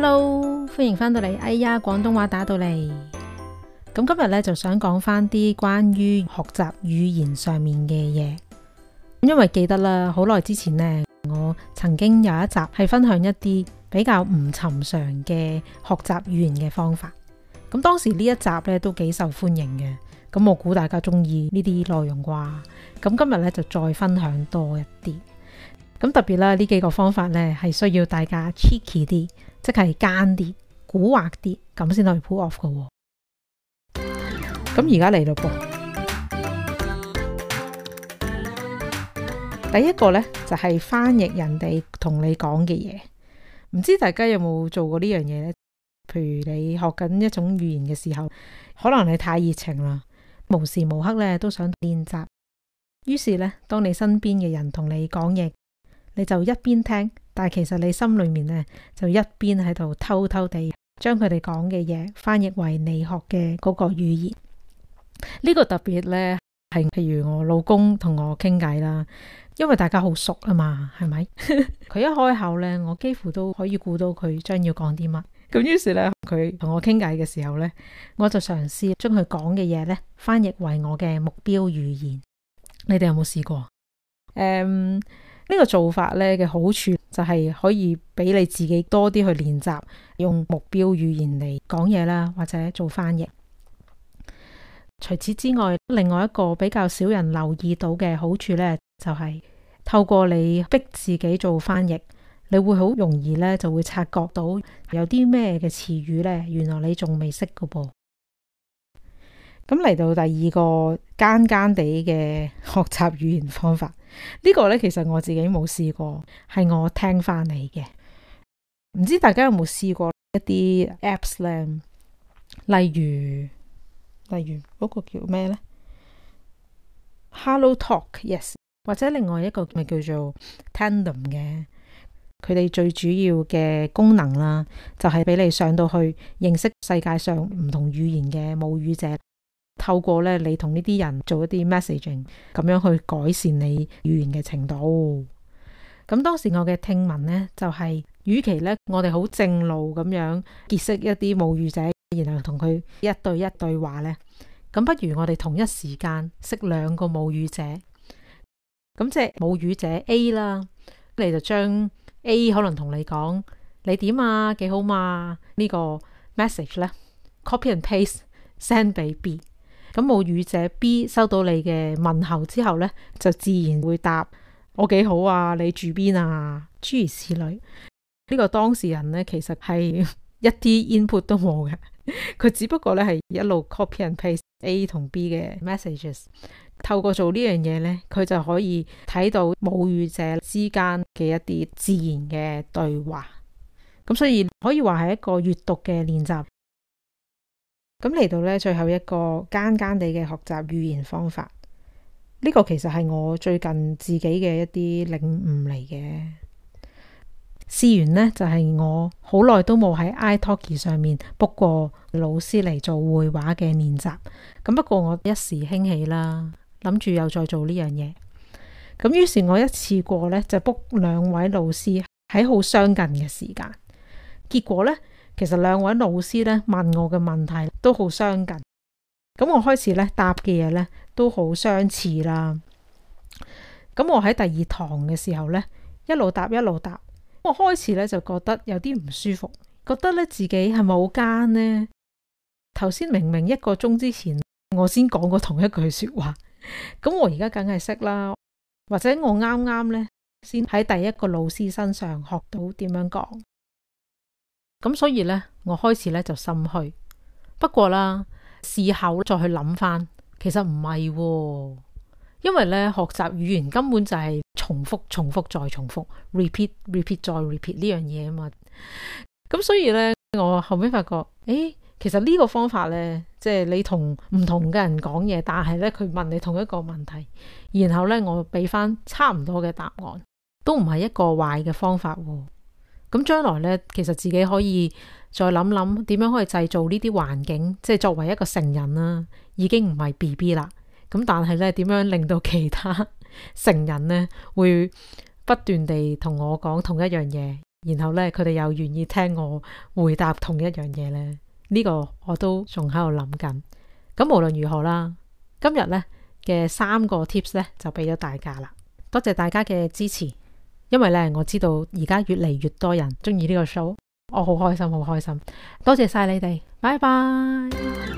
hello，歡迎翻到嚟。哎呀，廣東話打到嚟。咁今日咧就想講翻啲關於學習語言上面嘅嘢，因為記得啦，好耐之前呢，我曾經有一集係分享一啲比較唔尋常嘅學習語言嘅方法。咁當時呢一集咧都幾受歡迎嘅。咁我估大家中意呢啲內容啩。咁今日咧就再分享多一啲。咁特別啦，呢幾個方法咧係需要大家 cheeky 啲。即係奸啲、古惑啲，咁先可以 pull off 嘅喎。咁而家嚟到噃，第一個呢就係翻譯人哋同你講嘅嘢。唔知大家有冇做過呢樣嘢呢？譬如你學緊一種語言嘅時候，可能你太熱情啦，無時無刻呢都想練習。於是呢，當你身邊嘅人同你講嘢，你就一邊聽。但係其實你心裏面咧，就一邊喺度偷偷地將佢哋講嘅嘢翻譯為你學嘅嗰個語言。呢個特別咧係譬如我老公同我傾偈啦，因為大家好熟啊嘛，係咪？佢 一開口咧，我幾乎都可以估到佢將要講啲乜。咁於是咧，佢同我傾偈嘅時候咧，我就嘗試將佢講嘅嘢咧翻譯為我嘅目標語言。你哋有冇試過？誒、嗯，呢、呢個做法咧嘅好處。就係可以俾你自己多啲去練習用目標語言嚟講嘢啦，或者做翻譯。除此之外，另外一個比較少人留意到嘅好處呢、就是，就係透過你逼自己做翻譯，你會好容易呢就會察覺到有啲咩嘅詞語呢，原來你仲未識噶噃。咁嚟、嗯、到第二個間間地嘅學習語言方法。呢個咧其實我自己冇試過，係我聽翻嚟嘅。唔知大家有冇試過一啲 apps 咧？例如，例如嗰個叫咩呢？Hello Talk Yes，或者另外一個咪叫做 Tandem 嘅。佢哋最主要嘅功能啦，就係俾你上到去認識世界上唔同語言嘅母語者。透過咧，你同呢啲人做一啲 messaging，咁樣去改善你語言嘅程度。咁當時我嘅聽聞呢、就係，就係與其呢，我哋好正路咁樣結識一啲母語者，然後同佢一對一對話呢。咁不如我哋同一時間識兩個母語者。咁即係母語者 A 啦，你就將 A 可能同你講你點啊，幾好嘛呢、呢個 message 呢？copy and paste send 俾 B。咁母語者 B 收到你嘅問候之後呢，就自然會答我幾好啊，你住邊啊，諸如此類。呢、呢個當事人呢，其實係一啲 input 都冇嘅，佢 只不過呢係一路 copy and paste A 同 B 嘅 messages。透過做呢樣嘢呢，佢就可以睇到母語者之間嘅一啲自然嘅對話。咁所以可以話係一個閱讀嘅練習。咁嚟到呢最後一個艱艱地嘅學習語言方法，呢、這個其實係我最近自己嘅一啲領悟嚟嘅。事緣呢，就係、是、我好耐都冇喺 iTalki 上面 book 過老師嚟做會話嘅練習，咁不過我一時興起啦，諗住又再做呢樣嘢，咁於是我一次過呢，就 book 兩位老師喺好相近嘅時間，結果呢，其實兩位老師咧問我嘅問題都好相近，咁我開始咧答嘅嘢咧都好相似啦。咁我喺第二堂嘅時候咧，一路答一路答，我開始咧就覺得有啲唔舒服，覺得咧自己係咪好奸呢？頭先明明一個鐘之前我先講過同一句說話，咁 我而家梗係識啦，或者我啱啱咧先喺第一個老師身上學到點樣講。咁所以咧，我開始咧就心虛。不過啦，事後再去諗翻，其實唔係喎，因為咧學習語言根本就係重複、重複再重複，repeat、repeat 再 repeat 呢樣嘢啊嘛。咁所以咧，我後尾發覺，誒，其實呢個方法咧，即係你同唔同嘅人講嘢，但係咧佢問你同一個問題，然後咧我俾翻差唔多嘅答案，都唔係一個壞嘅方法喎。咁將來呢，其實自己可以再諗諗點樣可以製造呢啲環境，即係作為一個成人啦、啊，已經唔係 B B 啦。咁但係呢，點樣令到其他成人呢會不斷地同我講同一樣嘢，然後呢，佢哋又願意聽我回答同一樣嘢呢？呢、呢個我都仲喺度諗緊。咁無論如何啦，今日呢嘅三個 tips 呢就俾咗大家啦，多謝大家嘅支持。因為咧，我知道而家越嚟越多人鍾意呢個 show，我好開心，好開心，多謝晒你哋，拜拜。